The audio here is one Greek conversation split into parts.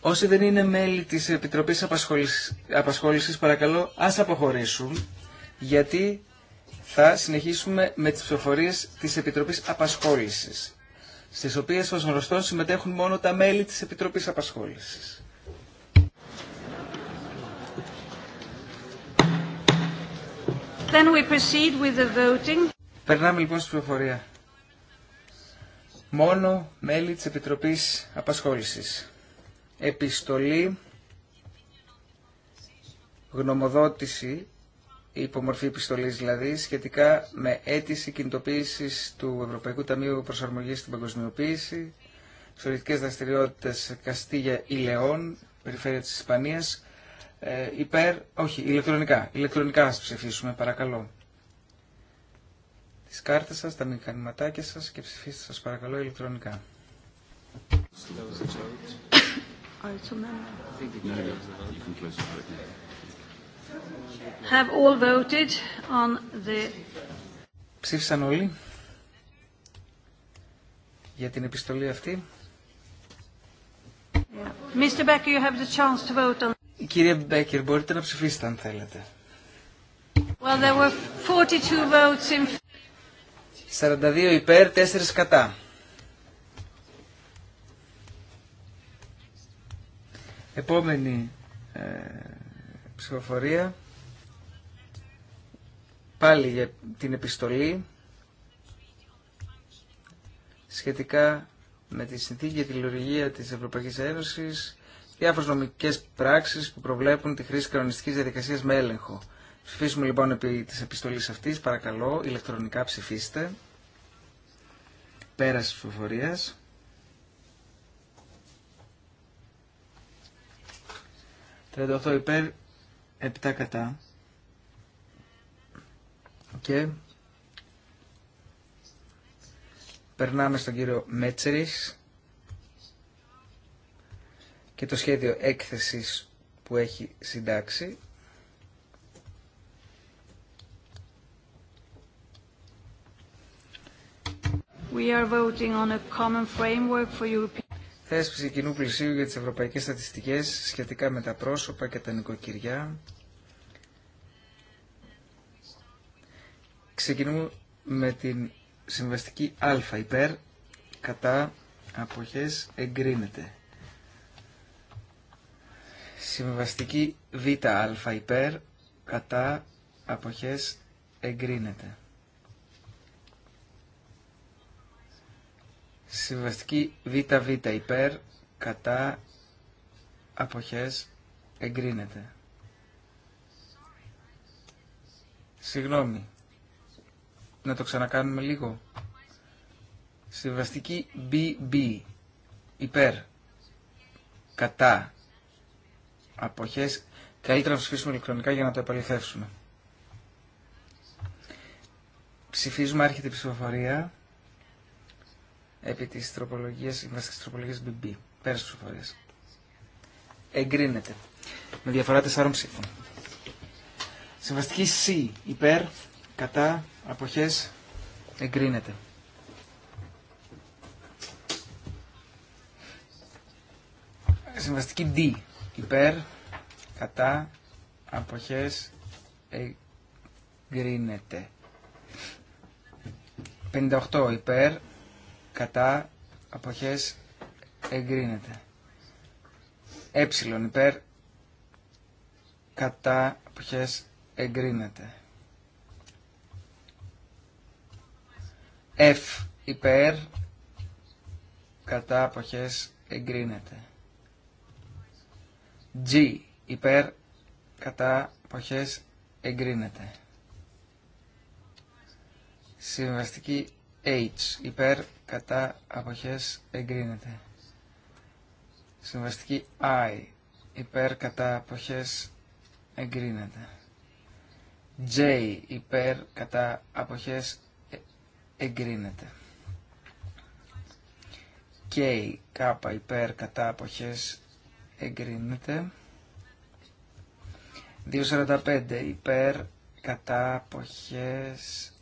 Όσοι δεν είναι μέλη της Επιτροπής Απασχόλησης, παρακαλώ ας αποχωρήσουν γιατί θα συνεχίσουμε με τις ψηφοφορίες της Επιτροπής Απασχόλησης στις οποίες ως γνωστό συμμετέχουν μόνο τα μέλη της Επιτροπής Απασχόλησης. Then we proceed with the voting. Περνάμε λοιπόν στην ψηφοφορία μόνο μέλη της Επιτροπής Απασχόλησης. Επιστολή, γνωμοδότηση, υπομορφή επιστολής δηλαδή, σχετικά με αίτηση κινητοποίησης του Ευρωπαϊκού Ταμείου Προσαρμογής στην Παγκοσμιοποίηση, θεωρητικές δραστηριότητες Καστίγια ή Λεόν, περιφέρεια της Ισπανίας, ε, υπέρ, όχι, ηλεκτρονικά, ηλεκτρονικά ας ψηφίσουμε, παρακαλώ τις κάρτες σας, τα μηχανηματάκια σας και ψηφίστε σας παρακαλώ ηλεκτρονικά. Have all voted on the... Ψήφισαν όλοι για την επιστολή αυτή. Mr. Becker, you have the chance to vote on... Κύριε Μπέκερ, μπορείτε να ψηφίσετε αν θέλετε. Well, there were 42 votes in... 42 υπέρ, 4 κατά. Επόμενη ε, ψηφοφορία. Πάλι για την επιστολή σχετικά με τη συνθήκη για τη λειτουργία της Ευρωπαϊκής Ένωσης, διάφορες νομικές πράξεις που προβλέπουν τη χρήση κανονιστικής διαδικασίας με έλεγχο. Ψηφίσουμε λοιπόν επί της επιστολής αυτής. Παρακαλώ, ηλεκτρονικά ψηφίστε. Πέρας της ψηφοφορίας. ...38 υπέρ, 7 κατά. Και... Περνάμε στον κύριο Μέτσερης... ...και το σχέδιο έκθεσης που έχει συντάξει... We are Θέσπιση κοινού πλησίου για τις ευρωπαϊκές στατιστικές σχετικά με τα πρόσωπα και τα νοικοκυριά. Ξεκινούμε με την συμβαστική α υπέρ, κατά αποχές εγκρίνεται. Συμβαστική β α υπέρ, κατά αποχές εγκρίνεται. Συμβαστική ΒΒ υπέρ, κατά, αποχές, εγκρίνεται. Συγγνώμη. Να το ξανακάνουμε λίγο. Συμβαστική BB υπέρ, κατά, αποχές, καλύτερα να ψηφίσουμε ηλεκτρονικά για να το επαληθεύσουμε. Ψηφίζουμε, άρχεται η ψηφοφορία επί της τροπολογίας, συμβαστικής τροπολογίας BB. Πέρας φορές. Εγκρίνεται. Με διαφορά τεσσάρων ψήφων. Συμβαστική C. Υπέρ, κατά, αποχές, εγκρίνεται. Συμβαστική D. Υπέρ, κατά, αποχές, εγκρίνεται. 58 υπέρ, κατά αποχές εγκρίνεται. Ε υπέρ κατά αποχές εγκρίνεται. F υπέρ κατά αποχές εγκρίνεται. G υπέρ κατά αποχές εγκρίνεται. Συμβαστική H υπέρ κατά αποχές εγκρίνεται. Συμβαστική I υπέρ κατά αποχές εγκρίνεται. J υπέρ κατά αποχές ε, εγκρίνεται. K κάπα υπέρ κατά αποχές εγκρίνεται. 2.45 υπέρ κατά αποχές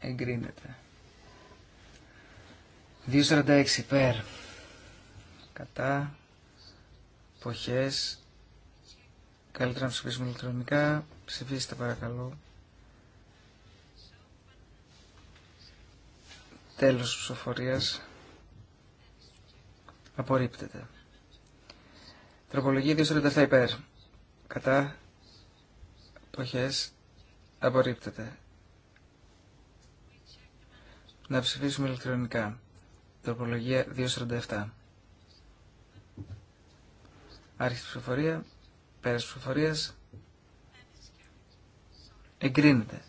εγκρίνεται. 2.46 υπέρ. Κατά. Εποχές. Καλύτερα να ψηφίσουμε ηλεκτρονικά. Ψηφίστε παρακαλώ. Τέλος της ψηφοφορίας. Απορρίπτεται. Τροπολογία 2.47 υπέρ. Κατά. Εποχές. Απορρίπτεται. Να ψηφίσουμε ηλεκτρονικά. Τροπολογία 247. Άρχισε ψηφοφορία. Πέρας ψηφοφορίας. Εγκρίνεται.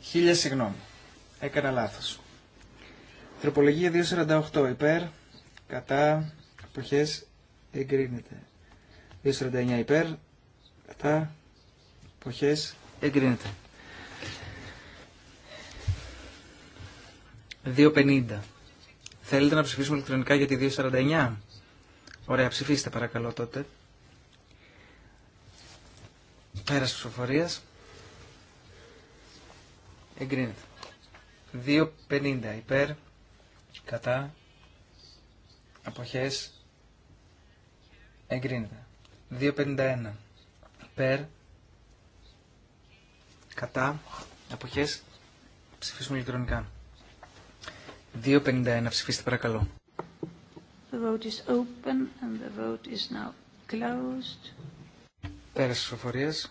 Χίλια συγγνώμη. Έκανα λάθος. Τροπολογία 248 υπέρ, κατά, αποχές, εγκρίνεται. 249 υπέρ, κατά, αποχές, εγκρίνεται. 250 Θέλετε να ψηφίσουμε ηλεκτρονικά για τη 249. Ωραία, ψηφίστε παρακαλώ τότε. Πέρας ψηφοφορία. Εγκρίνεται. 250 υπέρ, κατά, αποχές, εγκρίνεται. 251 υπέρ, κατά, αποχές, ψηφίσουμε ηλεκτρονικά. 2.51 ψηφίστε παρακαλώ. The vote is open and the vote is now closed. της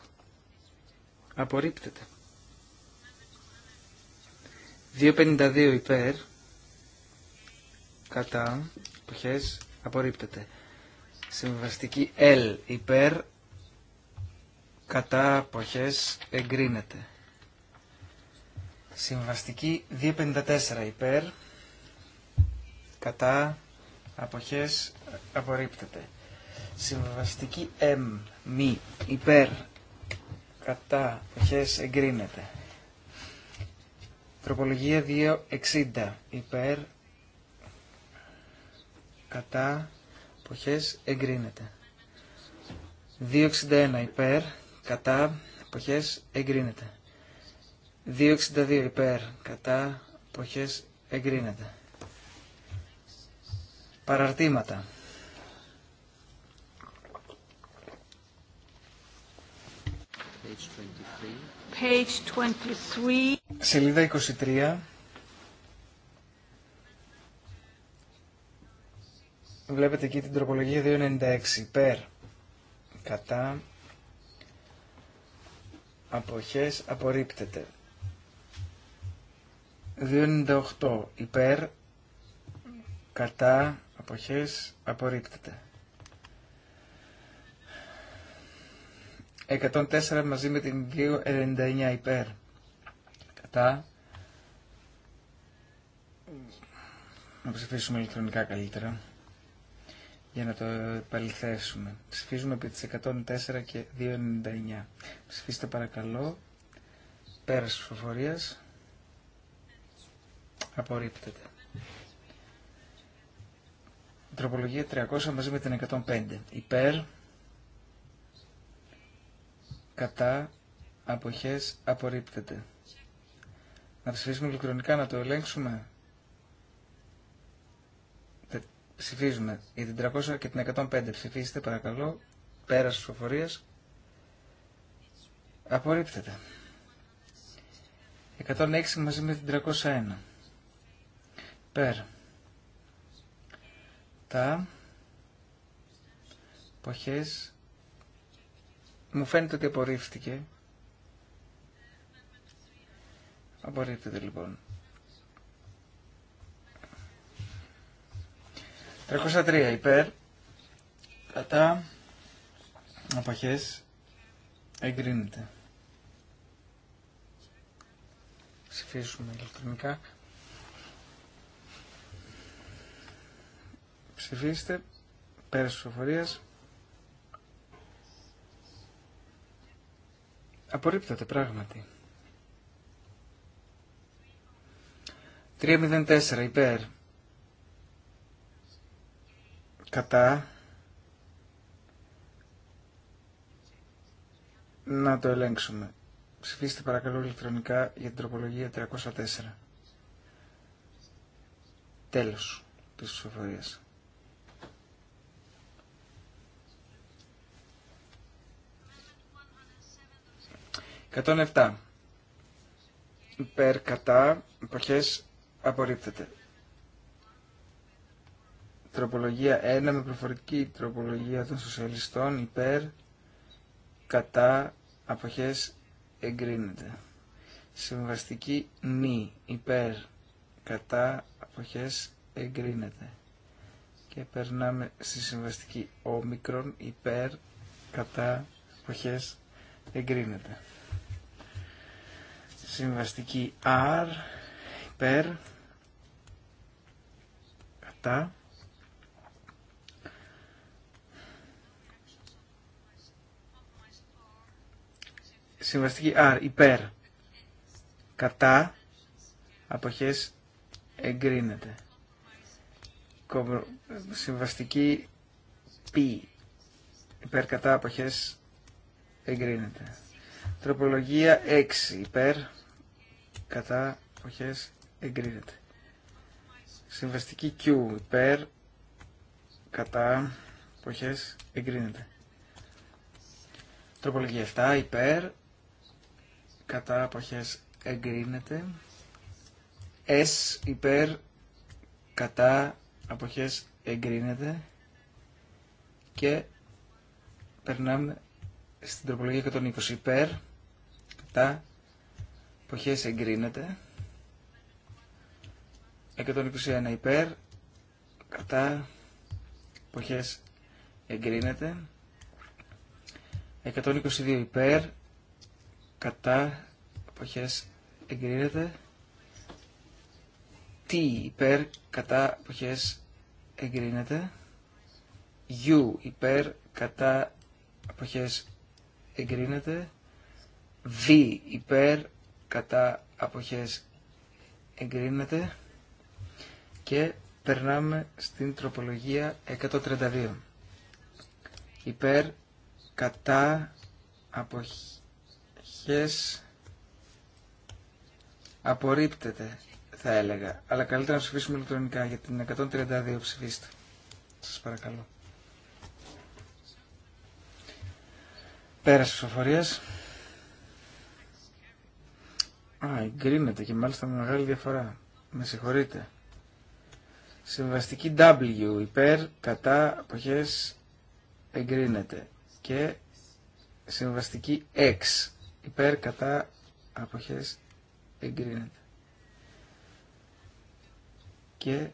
Απορρίπτεται. 2.52 υπέρ. Κατά. Ποχές. Απορρίπτεται. Συμβαστική L υπέρ. Κατά. Ποχές. Εγκρίνεται. Συμβαστική 2.54 υπέρ κατά αποχές απορρίπτεται. Συμβαστική M, μη, υπέρ, κατά αποχές εγκρίνεται. Τροπολογία 260, υπέρ, κατά αποχές εγκρίνεται. 261 υπέρ, κατά αποχές εγκρίνεται. 262 υπέρ, κατά αποχές εγκρίνεται παραρτήματα. Page 23. Σελίδα 23. Βλέπετε εκεί την τροπολογία 296. Περ. Κατά. Αποχές. Απορρίπτεται. 298. Υπέρ. Κατά αποχές απορρίπτεται. 104 μαζί με την 299 υπέρ. Κατά. Να ψηφίσουμε ηλεκτρονικά καλύτερα. Για να το επαληθέσουμε. Ψηφίζουμε επί τις 104 και 299. Ψηφίστε παρακαλώ. Πέρας φοφορίας. Απορρίπτεται τροπολογία 300 μαζί με την 105. Υπέρ, κατά, αποχές, απορρίπτεται. Να ψηφίσουμε ηλεκτρονικά, να το ελέγξουμε. Ψηφίζουμε για την 300 και την 105. Ψηφίστε παρακαλώ. πέρα της προφορίας. Απορρίπτεται. 106 μαζί με την 301. Πέρα. Τα ποχές μου φαίνεται ότι απορρίφθηκε Απορρίφθηκε λοιπόν 303 υπέρ Τα αποχές εγκρίνεται ψηφίσουμε ηλεκτρονικά Ψηφίστε. Πέρας ψηφοφορίας. Απορρίπτεται πράγματι. 304 υπέρ. Κατά. Να το ελέγξουμε. Ψηφίστε παρακαλώ ηλεκτρονικά για την τροπολογία 304. Τέλος της ψηφοφορίας. 107. Υπέρ κατά εποχές απορρίπτεται. Τροπολογία 1 με προφορική τροπολογία των σοσιαλιστών υπέρ κατά αποχές εγκρίνεται. Συμβαστική νη υπέρ κατά αποχές εγκρίνεται. Και περνάμε στη συμβαστική όμικρον υπέρ κατά αποχές εγκρίνεται. Συμβαστική R υπέρ κατά Συμβαστική R υπέρ κατά αποχές εγκρίνεται. Συμβαστική P υπέρ κατά αποχές εγκρίνεται. Τροπολογία 6 υπέρ κατά αποχές εγκρίνεται. Συμβαστική Q υπέρ κατά αποχές εγκρίνεται. Τροπολογία 7 υπέρ κατά αποχές εγκρίνεται. S υπέρ κατά αποχές εγκρίνεται και περνάμε στην τροπολογία 120 υπέρ κατά εποχές εγκρίνεται. 121 υπέρ. Κατά. εποχές εγκρίνεται. 122 υπέρ. Κατά. εποχές εγκρίνεται. Τι υπέρ. Κατά. ποχές εγκρίνεται. U υπέρ. Κατά. ποχές εγκρίνεται. V υπέρ κατά αποχές εγκρίνεται και περνάμε στην τροπολογία 132 υπέρ κατά αποχές απορρίπτεται θα έλεγα αλλά καλύτερα να ψηφίσουμε ηλεκτρονικά για την 132 ψηφίστε σας παρακαλώ πέρας ψηφοφορίας Α, εγκρίνεται και μάλιστα με μεγάλη διαφορά. Με συγχωρείτε. Συμβαστική W υπέρ κατά αποχές εγκρίνεται και συμβαστική X υπέρ κατά αποχές εγκρίνεται και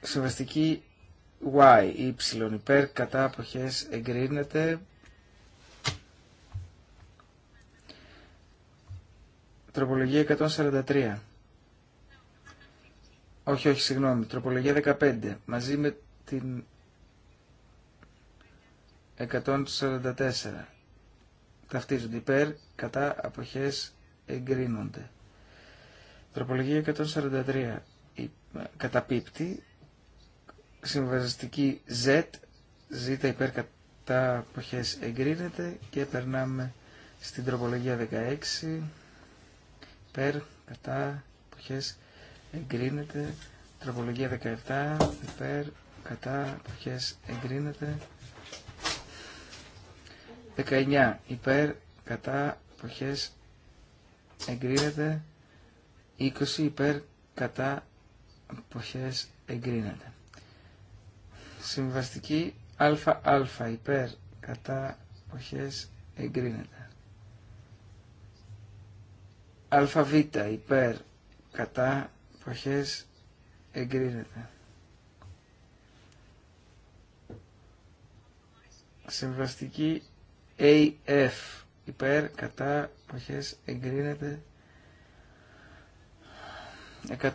συμβαστική Y, Y υπέρ κατά αποχές εγκρίνεται Τροπολογία 143. Όχι, όχι, συγγνώμη. Τροπολογία 15. Μαζί με την 144. Ταυτίζονται υπέρ, κατά, αποχές, εγκρίνονται. Τροπολογία 143. Η, καταπίπτει. Συμβαζιστική Z. Z υπέρ, κατά, αποχές, εγκρίνεται. Και περνάμε στην τροπολογία 16 υπέρ, κατά, εποχές εγκρίνεται. Τροπολογία 17, υπέρ, κατά, εποχές εγκρίνεται. 19, υπέρ, κατά, εποχές εγκρίνεται. 20, υπέρ, κατά, εποχές εγκρίνεται. Συμβαστική αλφα, υπέρ κατά εποχές εγκρίνεται. ΑΒ υπέρ κατά εποχές εγκρίνεται. Συμβαστική AF υπέρ κατά εποχές εγκρίνεται.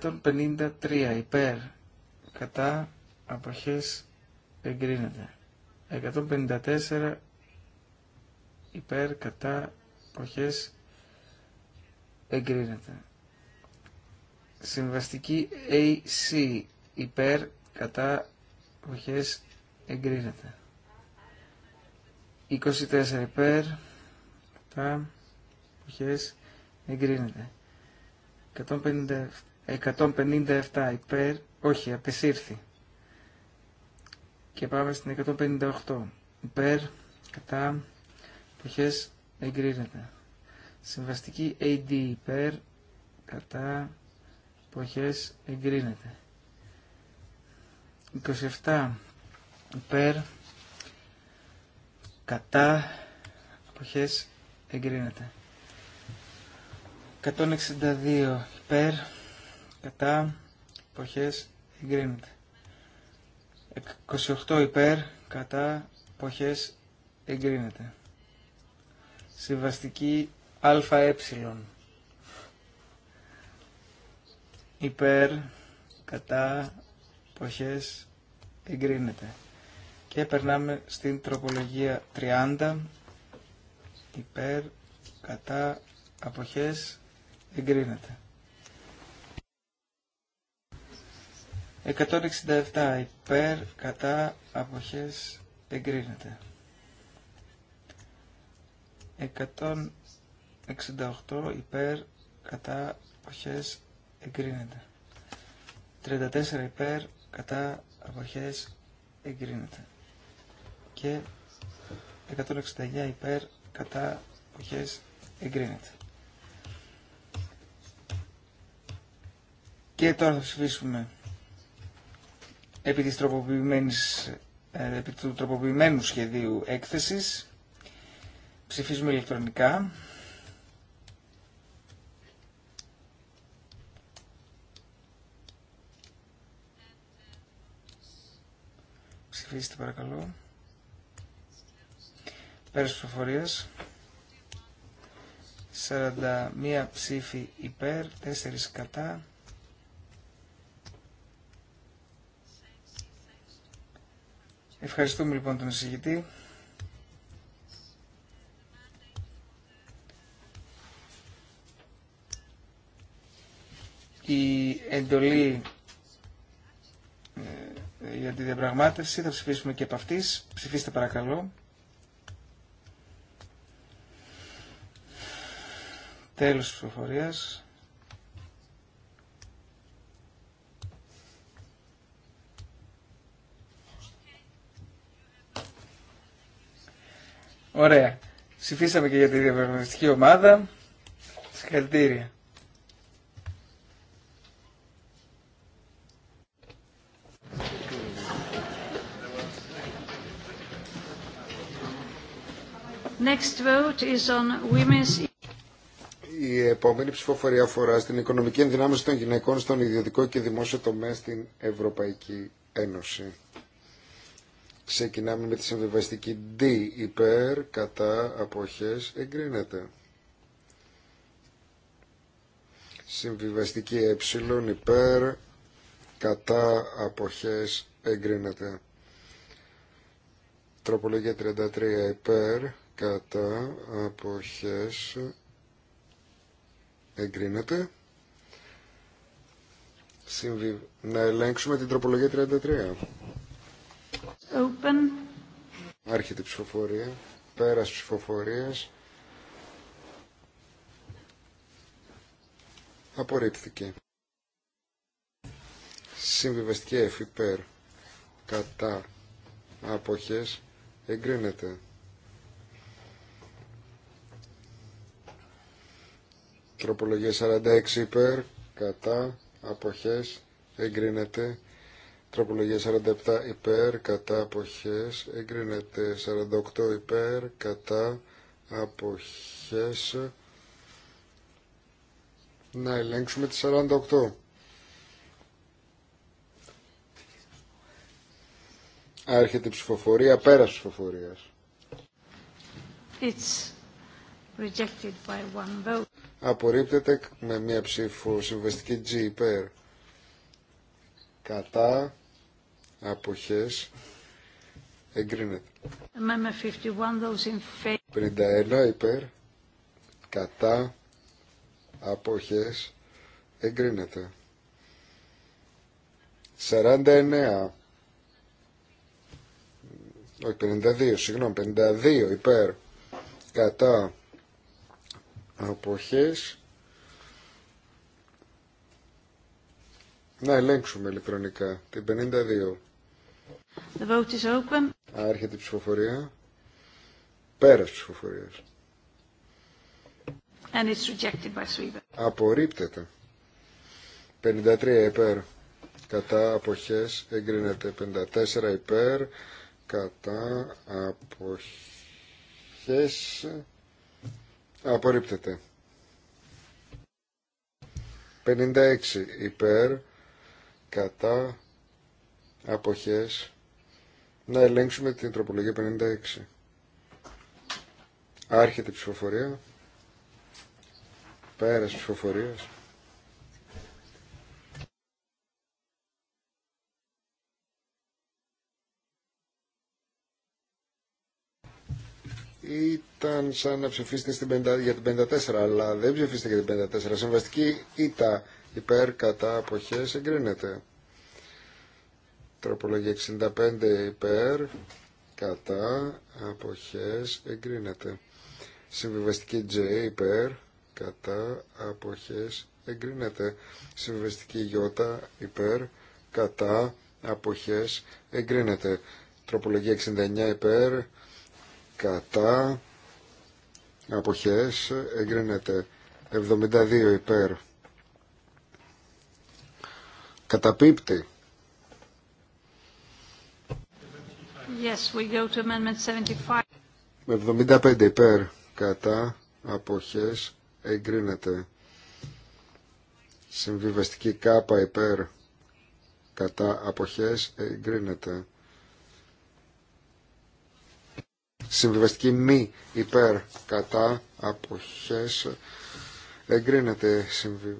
153 υπέρ κατά αποχές εγκρίνεται. 154 υπέρ κατά αποχές εγκρίνεται εγκρίνεται. Συμβαστική AC υπέρ κατά βοχές εγκρίνεται. 24 υπέρ κατά βοχές εγκρίνεται. 157 υπέρ, όχι, απεσύρθη. Και πάμε στην 158. Υπέρ, κατά, εποχές εγκρίνεται. Συμβαστική AD υπέρ κατά εποχές εγκρίνεται. 27 υπέρ κατά εποχές εγκρίνεται. 162 υπέρ κατά εποχές εγκρίνεται. 28 υπέρ κατά εποχές εγκρίνεται. Συμβαστική ΑΕ υπέρ κατά εποχές εγκρίνεται. Και περνάμε στην τροπολογία 30 υπέρ κατά αποχές εγκρίνεται. 167 υπέρ κατά αποχές εγκρίνεται. 68 υπέρ κατά αποχές εγκρίνεται. 34 υπέρ κατά αποχές εγκρίνεται. Και 169 υπέρ κατά αποχές εγκρίνεται. Και τώρα θα ψηφίσουμε επί, ε, του τροποποιημένου σχεδίου έκθεσης. Ψηφίζουμε ηλεκτρονικά. ψηφίσετε παρακαλώ. Πέρας ψηφοφορίας. 41 ψήφοι υπέρ, 4 κατά. Ευχαριστούμε λοιπόν τον εισηγητή. Η εντολή για τη διαπραγμάτευση. Θα ψηφίσουμε και από αυτής. Ψηφίστε παρακαλώ. Τέλος της ψηφοφορία. Ωραία. Ψηφίσαμε και για τη διαπραγματευτική ομάδα. Συγχαρητήρια. Η επόμενη ψηφοφορία αφορά στην οικονομική ενδυνάμωση των γυναικών στον ιδιωτικό και δημόσιο τομέα στην Ευρωπαϊκή Ένωση. Ξεκινάμε με τη συμβιβαστική D υπέρ, κατά, αποχές, εγκρίνεται. Συμβιβαστική ε υπέρ, κατά, αποχές, εγκρίνεται. Τροπολογία 33 υπέρ, κατά αποχές εγκρίνεται. Συμβι... Να ελέγξουμε την τροπολογία 33. Open. Άρχεται η ψηφοφορία. Πέρας ψηφοφορίας. Απορρίπτηκε. Συμβιβαστική F υπέρ κατά αποχές εγκρίνεται. Τροπολογία 46 υπέρ, κατά, αποχές, εγκρίνεται. Τροπολογία 47 υπέρ, κατά, αποχές, εγκρίνεται. 48 υπέρ, κατά, αποχές. Να ελέγξουμε τη 48. Άρχεται η ψηφοφορία, πέρας ψηφοφορίας. It's rejected by one vote απορρίπτεται με μία ψήφο συμβαστική G υπέρ κατά αποχές εγκρίνεται 51 υπέρ κατά αποχές εγκρίνεται 49 όχι 52 συγγνώμη 52 υπέρ κατά αποχές να ελέγξουμε ηλεκτρονικά την 52 The is open. Άρχεται η ψηφοφορία πέρας ψηφοφορίας And it's rejected by Sweden. Απορρίπτεται 53 υπέρ κατά αποχές εγκρίνεται 54 υπέρ κατά αποχές Απορρίπτεται. 56 υπέρ κατά αποχές να ελέγξουμε την τροπολογία 56 άρχεται η ψηφοφορία πέρας ψηφοφορίας ήταν σαν να ψηφίσετε στην 50, για την 54, αλλά δεν ψηφίσετε για την 54. Συμβαστική ήττα υπέρ κατά απόχέ εγκρίνεται. Τροπολογία 65 υπέρ κατά απόχέ, εγκρίνεται. Συμβιβαστική J υπέρ κατά αποχέ εγκρίνεται. Συμβιβαστική J υπέρ κατά αποχέ εγκρίνεται. Τροπολογία 69 υπέρ κατά αποχές εγκρίνεται 72 υπέρ καταπίπτει Yes, we go to 75. 75 υπέρ κατά αποχές εγκρίνεται συμβιβαστική κάπα υπέρ κατά αποχές εγκρίνεται Συμβιβαστική μη υπέρ κατά αποχές εγκρίνεται συμβι...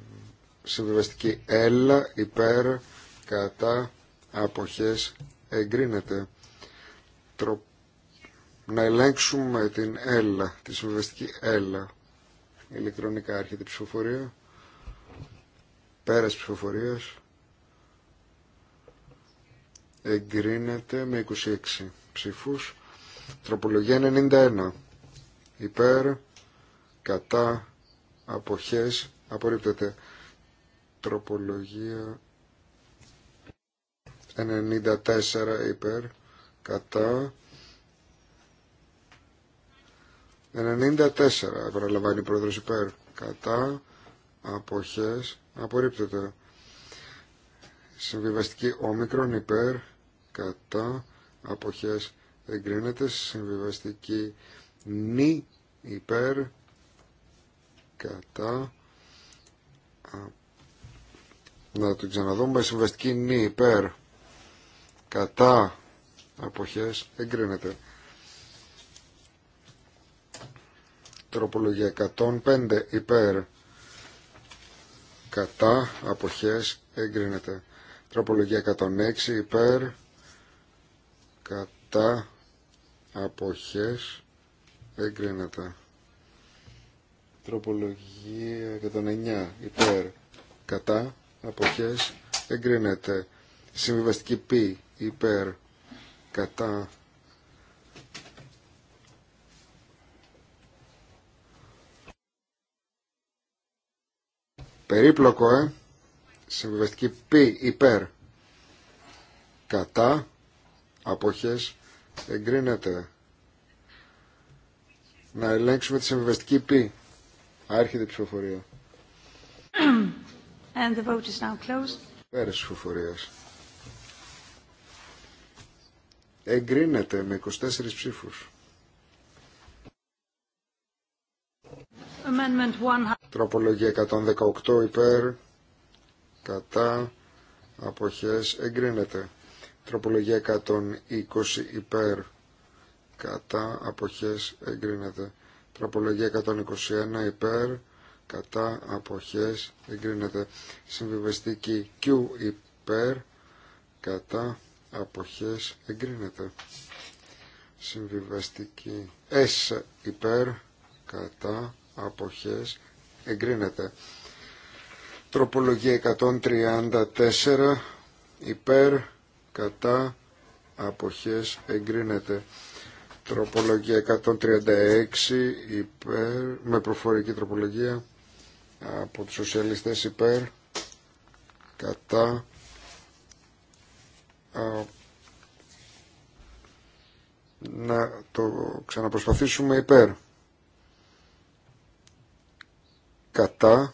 συμβιβαστική Έλα, υπέρ κατά αποχές εγκρίνεται. Να ελέγξουμε την έλλα, τη συμβιβαστική Έλα. Ηλεκτρονικά έρχεται η ψηφοφορία. Πέρας ψηφοφορίας εγκρίνεται με 26 ψήφους. Τροπολογία 91. Υπέρ, κατά, αποχές, απορρίπτεται. Τροπολογία 94 υπέρ, κατά. 94 επαναλαμβάνει η πρόεδρος υπέρ, κατά, αποχές, απορρίπτεται. Συμβιβαστική όμικρον υπέρ, κατά, αποχές, εγκρίνεται συμβιβαστική νη υπέρ κατά να το ξαναδούμε συμβαστική νη υπέρ κατά αποχές εγκρίνεται τροπολογία 105 υπέρ κατά αποχές εγκρίνεται τροπολογία 106 υπέρ κατά αποχές εγκρίνεται τροπολογία 109 υπέρ κατά αποχές εγκρίνεται συμβιβαστική π υπέρ κατά περίπλοκο ε συμβιβαστική π υπέρ κατά αποχές εγκρίνεται. Να ελέγξουμε τη συμβιβαστική πη. Άρχεται ψηφοφορία. And the vote now closed. ψηφοφορίας. Εγκρίνεται με 24 ψήφους. Amendment 100. Τροπολογία 118 υπέρ, κατά, αποχές, εγκρίνεται. Τροπολογία 120 υπέρ κατά αποχές εγκρίνεται. Τροπολογία 121 υπέρ κατά αποχές εγκρίνεται. Συμβιβαστική Q υπέρ κατά αποχές εγκρίνεται. Συμβιβαστική S υπέρ κατά αποχές εγκρίνεται. Τροπολογία 134 υπέρ κατά αποχές εγκρίνεται. Τροπολογία 136 υπέρ, με προφορική τροπολογία από τους σοσιαλιστές υπέρ, κατά α, να το ξαναπροσπαθήσουμε υπέρ. Κατά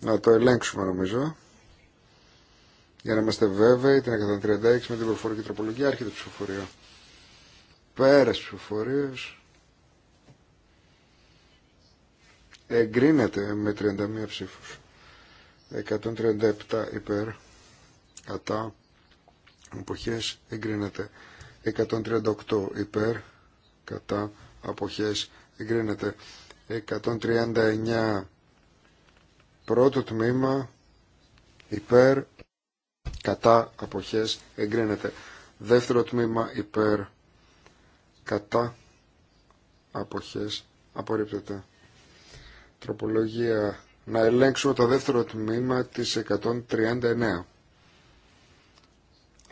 να το ελέγξουμε νομίζω. Για να είμαστε βέβαιοι, την 136 με την προφορική τροπολογία έρχεται ψηφοφορία. πέρα ψηφοφορίας εγκρίνεται με 31 ψήφους. 137 υπέρ, κατά, αποχές εγκρίνεται. 138 υπέρ, κατά, αποχές εγκρίνεται. 139 πρώτο τμήμα υπέρ, κατά αποχές εγκρίνεται. Δεύτερο τμήμα υπέρ κατά αποχές απορρίπτεται. Τροπολογία να ελέγξουμε το δεύτερο τμήμα της 139.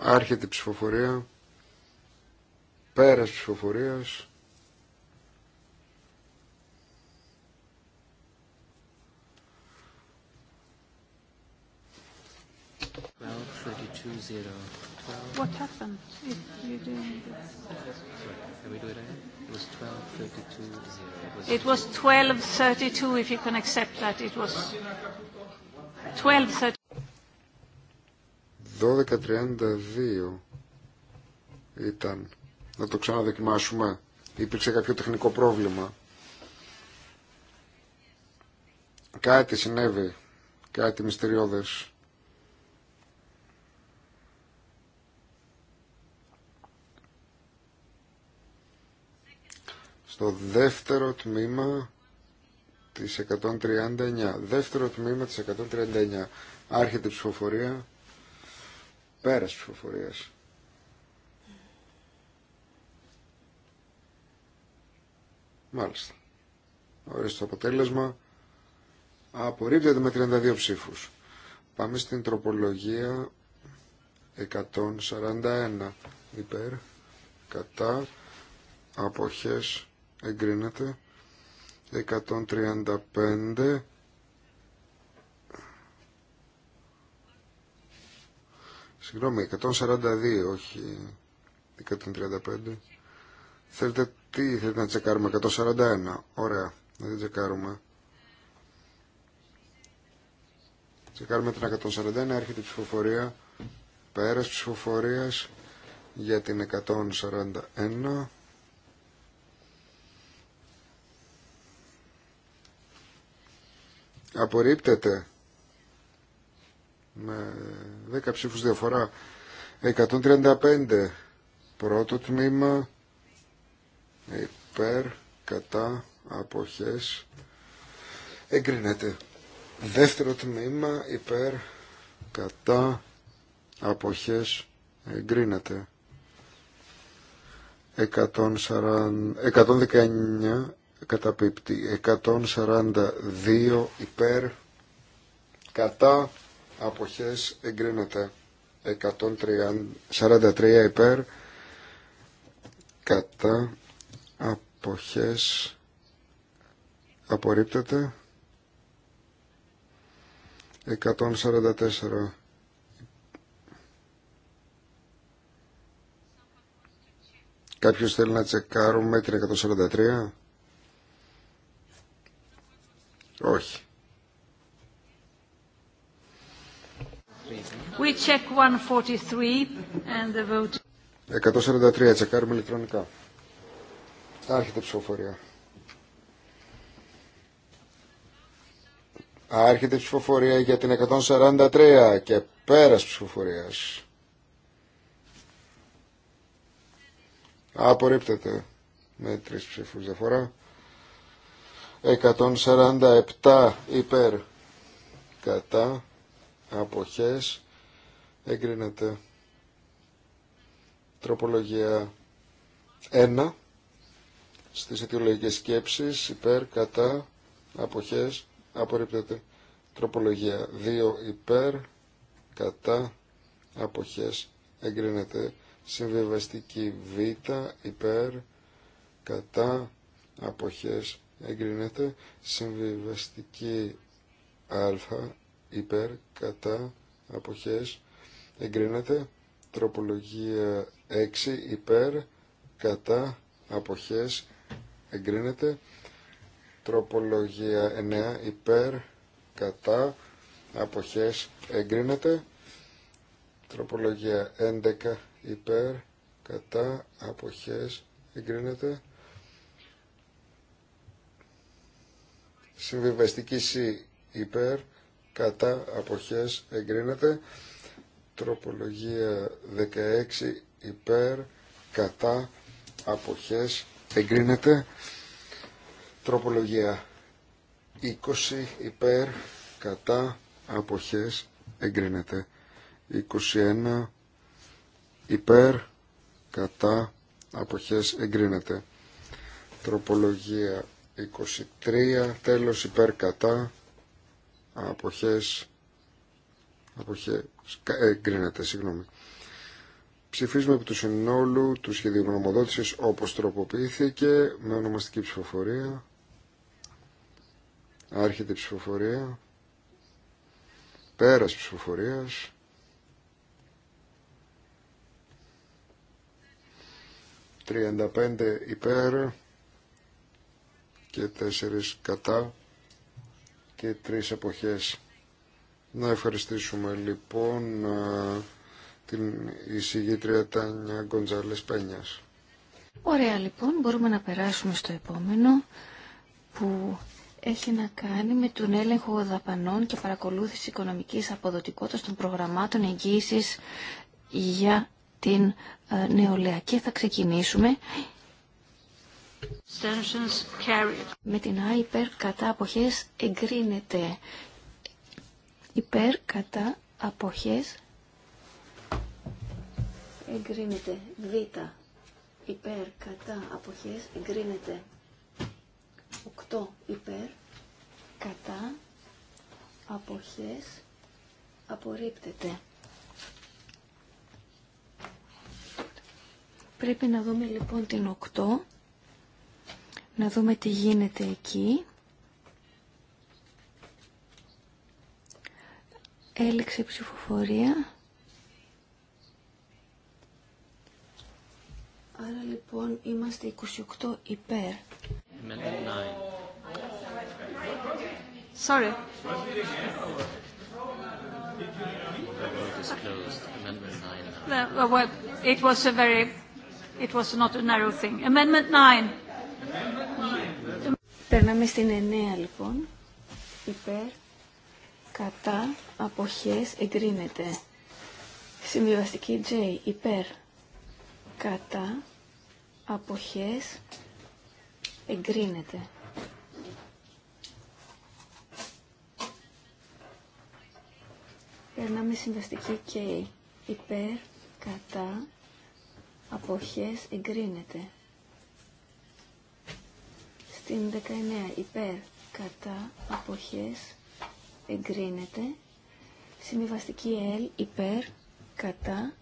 Άρχεται η ψηφοφορία, πέρας ψηφοφορίας, What happened? If you doing this? it was It was 12.32 if you can accept that. It was 12.32. 12.32 ήταν. Να το ξαναδοκιμάσουμε. Υπήρξε κάποιο τεχνικό πρόβλημα. Κάτι συνέβη. Κάτι μυστηριώδες. Το δεύτερο τμήμα της 139. Δεύτερο τμήμα της 139. Άρχεται η ψηφοφορία. Πέρας ψηφοφορίας. Μάλιστα. Ορίστε το αποτέλεσμα. Απορρίπτεται με 32 ψήφους. Πάμε στην τροπολογία 141. Υπέρ. Κατά. Αποχές εγκρίνεται 135 Συγγνώμη, 142, όχι 135. Θέλετε τι, θέλετε να τσεκάρουμε, 141. Ωραία, να την τσεκάρουμε. Τσεκάρουμε την 141, έρχεται η ψηφοφορία. Πέρας ψηφοφορίας για την 141. απορρίπτεται με 10 ψήφους διαφορά 135 πρώτο τμήμα υπέρ κατά αποχές εγκρίνεται δεύτερο τμήμα υπέρ κατά αποχές εγκρίνεται 119 καταπίπτει 142 υπέρ κατά αποχές εγκρίνεται 143 υπέρ κατά αποχές απορρίπτεται 144 Κάποιος θέλει να τσεκάρουμε την 143 όχι. We check 143 and the 143 τσεκάρουμε ηλεκτρονικά. Άρχεται ψηφοφορία. Άρχεται ψηφοφορία για την 143 και πέρας ψηφοφορίας. Απορρίπτεται με τρεις ψηφούς διαφορά. 147 υπέρ κατά αποχές εγκρίνεται τροπολογία 1 στις αιτιολογικές σκέψεις υπέρ κατά αποχές απορρίπτεται τροπολογία 2 υπέρ κατά αποχές εγκρίνεται συμβιβαστική β υπέρ κατά αποχές εγκρίνεται συμβιβαστική α υπέρ κατά αποχές εγκρίνεται τροπολογία 6 υπέρ κατά αποχές εγκρίνεται τροπολογία 9 υπέρ κατά αποχές εγκρίνεται τροπολογία 11 υπέρ κατά αποχές εγκρίνεται Συμβιβαστική C υπέρ, κατά, αποχές, εγκρίνεται. Τροπολογία 16 υπέρ, κατά, αποχές, εγκρίνεται. Τροπολογία 20 υπέρ, κατά, αποχές, εγκρίνεται. 21 υπέρ, κατά, αποχές, εγκρίνεται. Τροπολογία 23 τέλος υπέρ κατά αποχές αποχές ε, εγκρίνεται συγγνώμη ψηφίζουμε από του συνόλου του σχεδίου γνωμοδότησης όπως τροποποιήθηκε με ονομαστική ψηφοφορία άρχεται ψηφοφορία πέρας ψηφοφορίας ...35 υπέρ, και τέσσερις κατά και τρεις εποχές. Να ευχαριστήσουμε λοιπόν την εισηγήτρια Τάνια Γκοντζάλες Πένιας. Ωραία λοιπόν, μπορούμε να περάσουμε στο επόμενο που έχει να κάνει με τον έλεγχο δαπανών και παρακολούθηση οικονομικής αποδοτικότητας των προγραμμάτων εγγύησης για την ε, νεολαία. Και θα ξεκινήσουμε με την Α υπέρ κατά αποχές εγκρίνεται. Υπέρ κατά αποχές εγκρίνεται. Β υπέρ κατά αποχές εγκρίνεται. 8 υπέρ κατά αποχές απορρίπτεται. Πρέπει να δούμε λοιπόν την 8 να δούμε τι γίνεται εκεί. Έληξε η ψηφοφορία. Άρα λοιπόν είμαστε 28 υπέρ. Sorry. It was a very, it was not a narrow thing. Amendment 9. Περνάμε στην 9 λοιπόν. Υπέρ, κατά, αποχές, εγκρίνεται. Συμβιβαστική J. Υπέρ, κατά, αποχές, εγκρίνεται. Περνάμε συμβαστική K. Υπέρ, κατά, αποχές, εγκρίνεται. Στην 19 υπέρ κατά αποχές εγκρίνεται. Συμβιβαστική L υπέρ κατά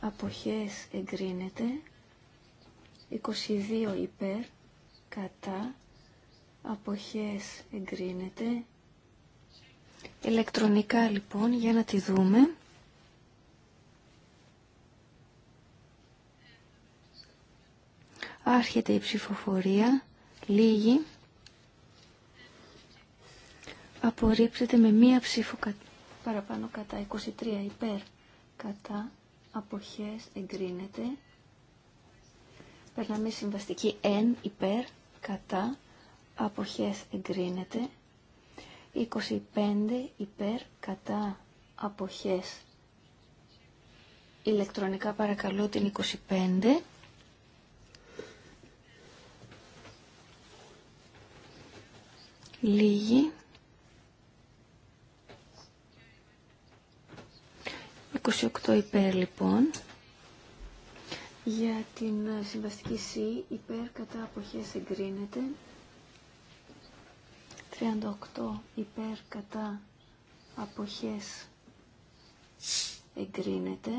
αποχές εγκρίνεται. 22 υπέρ κατά αποχές εγκρίνεται. Ηλεκτρονικά λοιπόν για να τη δούμε. Άρχεται η ψηφοφορία. Λίγοι. Απορρίπτεται με μία ψήφο παραπάνω κατά 23 υπέρ κατά αποχές εγκρίνεται. Περνάμε συμβαστική εν υπέρ κατά αποχές εγκρίνεται. 25 υπέρ κατά αποχές ηλεκτρονικά παρακαλώ την 25 Λίγη. 28 υπέρ λοιπόν. Για την ε, συμβαστική C υπέρ κατά αποχές εγκρίνεται. 38 υπέρ κατά αποχές εγκρίνεται.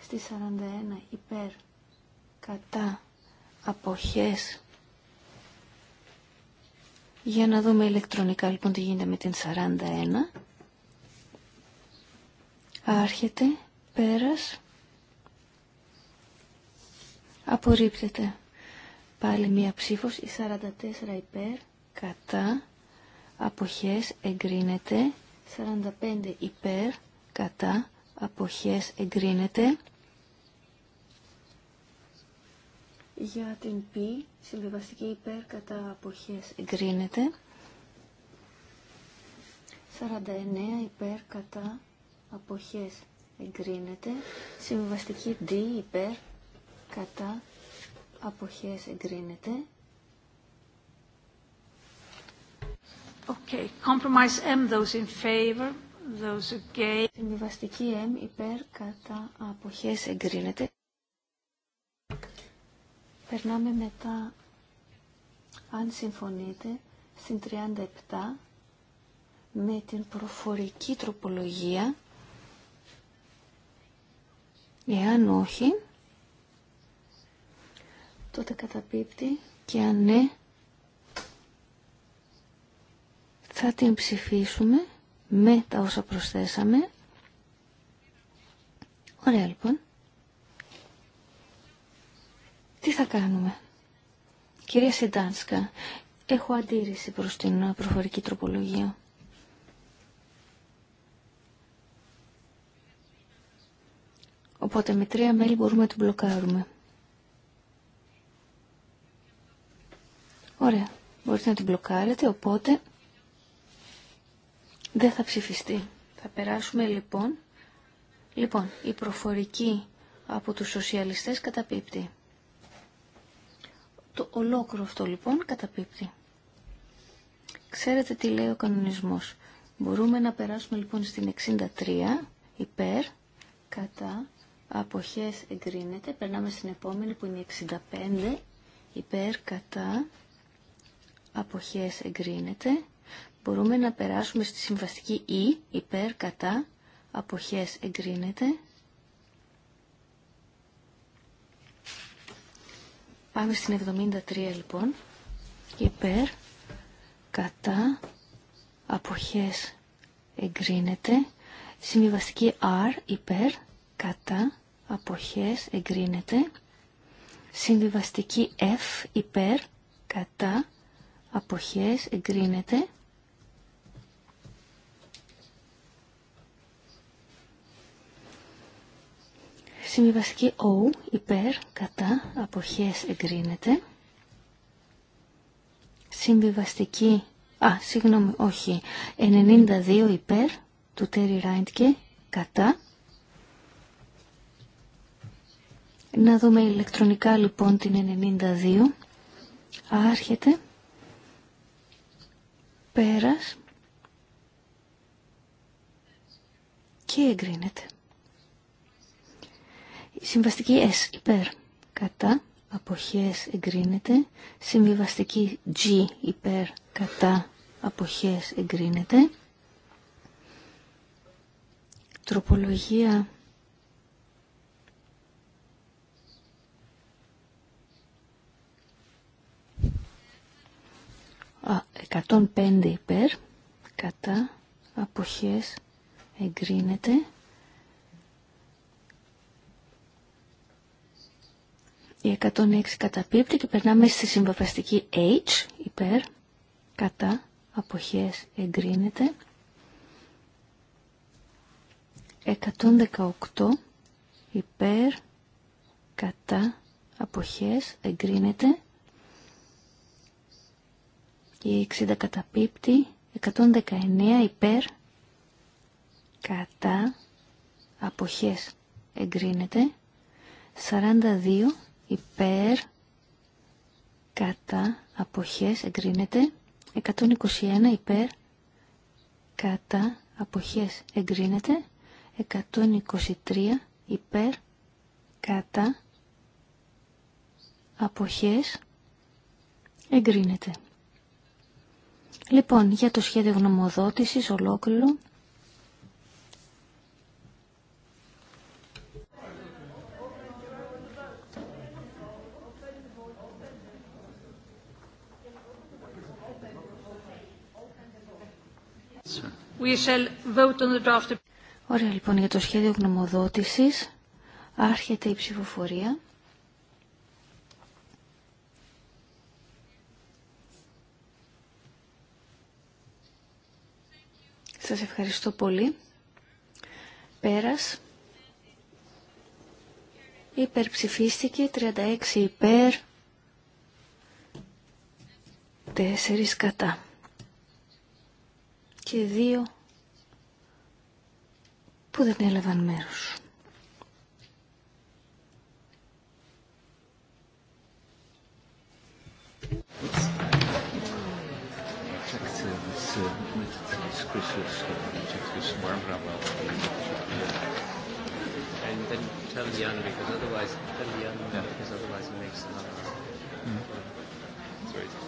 Στη 41 υπέρ κατά αποχές για να δούμε ηλεκτρονικά λοιπόν τι γίνεται με την 41. Άρχεται, πέρας, απορρίπτεται. Πάλι μία ψήφος, η 44 υπέρ, κατά, αποχές, εγκρίνεται, 45 υπέρ, κατά, αποχές, εγκρίνεται. Για την π, συμβιβαστική υπέρ κατά αποχές εγκρίνεται. 49 υπέρ κατά αποχές εγκρίνεται. Συμβιβαστική δ υπέρ κατά αποχές εγκρίνεται. Okay. Compromise M, those in favor, those against. Συμβιβαστική M υπέρ κατά αποχές εγκρίνεται. Περνάμε μετά, αν συμφωνείτε, στην 37 με την προφορική τροπολογία. Εάν όχι, τότε καταπίπτει και αν ναι, θα την ψηφίσουμε με τα όσα προσθέσαμε. Ωραία λοιπόν. Τι θα κάνουμε. Κυρία Σιντάνσκα, έχω αντίρρηση προς την προφορική τροπολογία. Οπότε με τρία μέλη μπορούμε να την μπλοκάρουμε. Ωραία. Μπορείτε να την μπλοκάρετε, οπότε δεν θα ψηφιστεί. Θα περάσουμε λοιπόν. Λοιπόν, η προφορική από τους σοσιαλιστές καταπίπτει. Το ολόκληρο αυτό λοιπόν καταπίπτει. Ξέρετε τι λέει ο κανονισμός. Μπορούμε να περάσουμε λοιπόν στην 63 υπέρ, κατά, αποχές εγκρίνεται. Περνάμε στην επόμενη που είναι 65 υπέρ, κατά, αποχές εγκρίνεται. Μπορούμε να περάσουμε στη συμβαστική Ι, e, υπέρ, κατά, αποχές εγκρίνεται. Πάμε στην 73 λοιπόν. Υπέρ, κατά, αποχές εγκρίνεται. Συμβιβαστική R, υπέρ, κατά, αποχές εγκρίνεται. Συμβιβαστική F, υπέρ, κατά, αποχές εγκρίνεται. Συμβιβαστική O, υπέρ, κατά, αποχές εγκρίνεται. Συμβιβαστική, α, συγγνώμη, όχι, 92 υπέρ, του Τέρι Ράιντκε, κατά. Να δούμε ηλεκτρονικά λοιπόν την 92. Άρχεται. Πέρας. Και εγκρίνεται. Συμβαστική S υπέρ κατά αποχές εγκρίνεται. Συμβιβαστική G υπέρ κατά αποχές εγκρίνεται. Τροπολογία 105 υπέρ κατά αποχές εγκρίνεται. Η 106 καταπίπτει και περνάμε στη συμβαφαστική H, υπέρ, κατά, αποχές, εγκρίνεται. 118 υπέρ, κατά, αποχές, εγκρίνεται. Η 60 καταπίπτει, 119 υπέρ, κατά, αποχές, εγκρίνεται. 42 υπέρ, κατά, αποχές, εγκρίνεται. 121 υπέρ, κατά, αποχές, εγκρίνεται. 123 υπέρ, κατά, αποχές, εγκρίνεται. Λοιπόν, για το σχέδιο γνωμοδότησης ολόκληρο, Ωραία λοιπόν για το σχέδιο γνωμοδότησης άρχεται η ψηφοφορία. Σας ευχαριστώ πολύ. Πέρας. Υπερψηφίστηκε 36 υπέρ, 4 κατά και 2 που δεν έλαβαν μέρος. And then tell Jan because otherwise tell because otherwise it makes another. Mm. Sorry.